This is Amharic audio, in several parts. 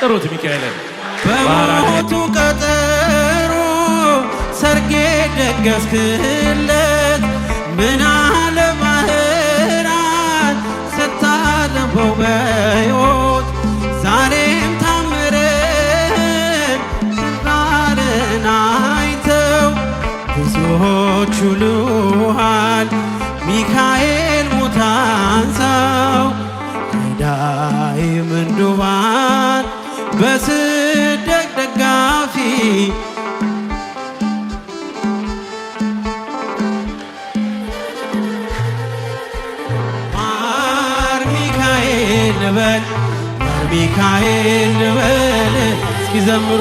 ጥሩት ሚካኤልን በሞቱ ቀጠሮ ሰርጌ ደገስክለት ምናለ ባህራት ስታለምበው ልበል ማር ሚካኤል ልበል እስኪ ዘምሩ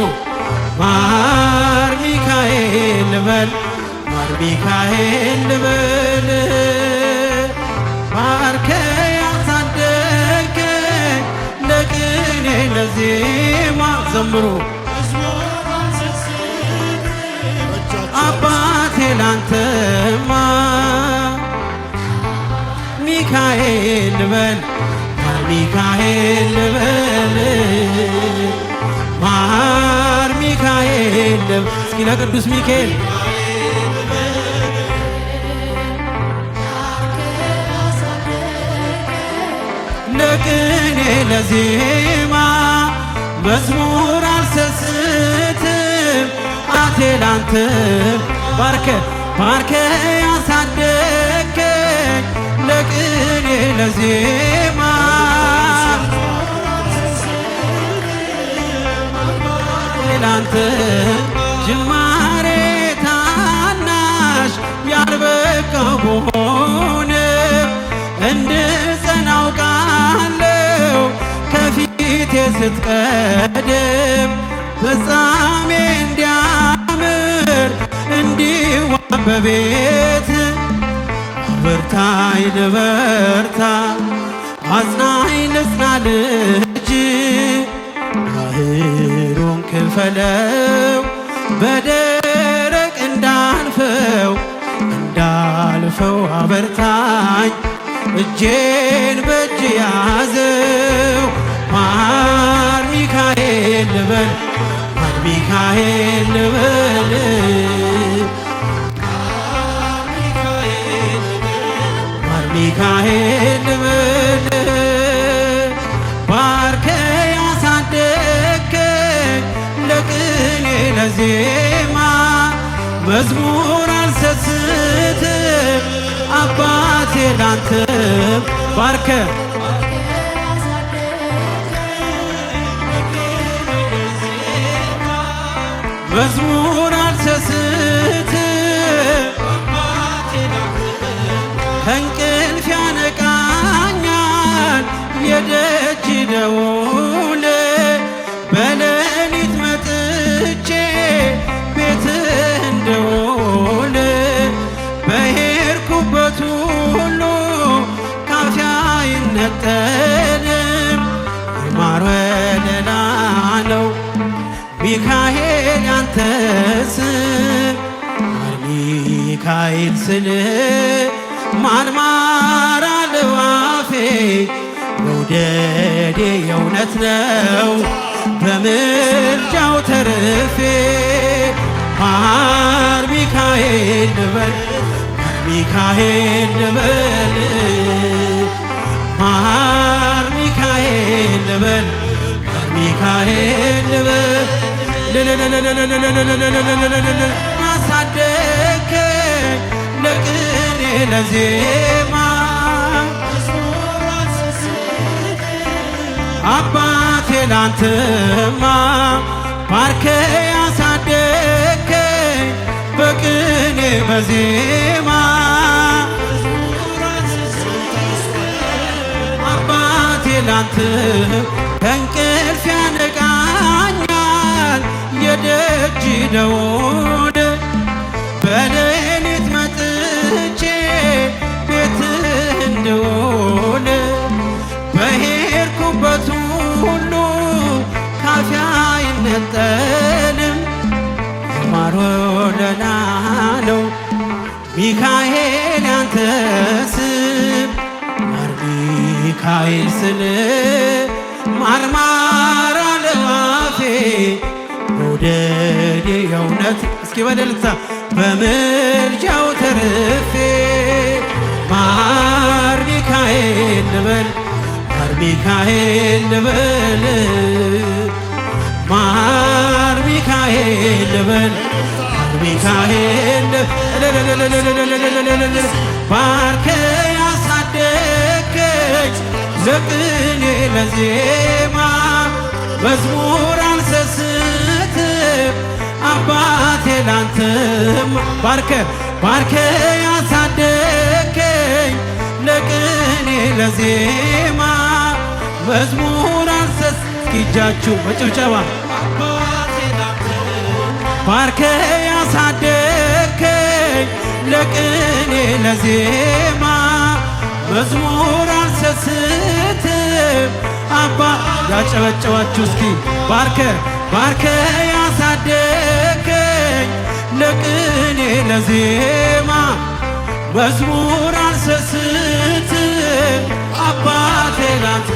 ማር ሚካኤል ልበል ማር ሚካኤል ልበል ያሳደገ ለቅኔ ለዜማ ዘምሩ አባቴ ላንተማ ሚካኤል ልበል ሚካኤል ልበል ማር ሚካኤል እስኪ ለቅዱስ ሚካኤል ለቅኔ ለዜማ መዝሙር አልሰስትም አቴ ላንተ ባርከ ባርከ ለቅኔ ለዜማ ያላንተ ጅማሬ ታናሽ ያልበቃው ብሆን እንድጸናው ቃለው ከፊቴ ስትቀድም ፍጻሜ እንዲያምር እንዲዋብ በቤት በርታ ይንበርታ አጽናኝ ልጽናል እንዳንፈለው በደረቅ እንዳንፈው እንዳልፈው አበርታኝ እጄን በእጅ ያዘው ማር ሚካኤል ልበል ማር ሚካኤል ልበል ማር ሚካኤል ልበል መዝሙር አልሰስትም አባቴ ባርከ መዝሙር አልተፈተንም ይማር ወደ ላለው ሚካኤል ያንተ ስም ማር ሚካኤል ስል ማን አፌ መውደዴ የእውነት ነው በምልጃው ተርፌ ማር ሚካኤል ልበል ሚካኤል ልበል ማር ሚካኤል ልበል ማር ሚካኤል ልበል አሳደግ ለቅኔ ለዜማ አባቴ ላንተማ ባርከ በቅኔ በዜማ ያንተ ከእንቅልፍ ያነቃኛል የደጅ ደወል በ አምላካዬ ስል ማርማራ ለአፌ መውደድ የእውነት እስኪ በደልታ በምልጃው ተርፌ ማር ሚካኤል ልበል ማር ሚካኤል ልበል ማር ሚካኤል ልበል ማር ሚካኤል ባርከያ ሆነች ለቅኔ ለዜማ መዝሙር አልሰስት አባቴ ላንተም ባርከ ባርከ ያሳደከኝ ለቅኔ ለዜማ መዝሙር አልሰስ ኪጃችሁ በጭብጨባ ባርከ ያሳደከኝ ለቅኔ ለዜማ መዝሙር ስት አባ ያጨበጨባችሁ እስኪ ባርከ ባርከ ያሳደከኝ ለቅኔ ለዜማ መዝሙር አልሰስትም አባቴ ናት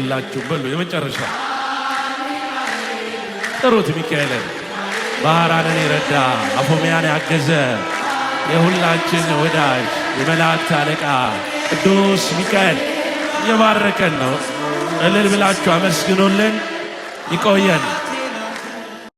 ሁላችሁ በሉ። የመጨረሻ ጥሩት። ሚካኤልን ባህራንን የረዳ አፎሚያን ያገዘ የሁላችን ወዳጅ የመላእክት አለቃ ቅዱስ ሚካኤል እየባረከን ነው። እልል ብላችሁ አመስግኑልን። ይቆየን።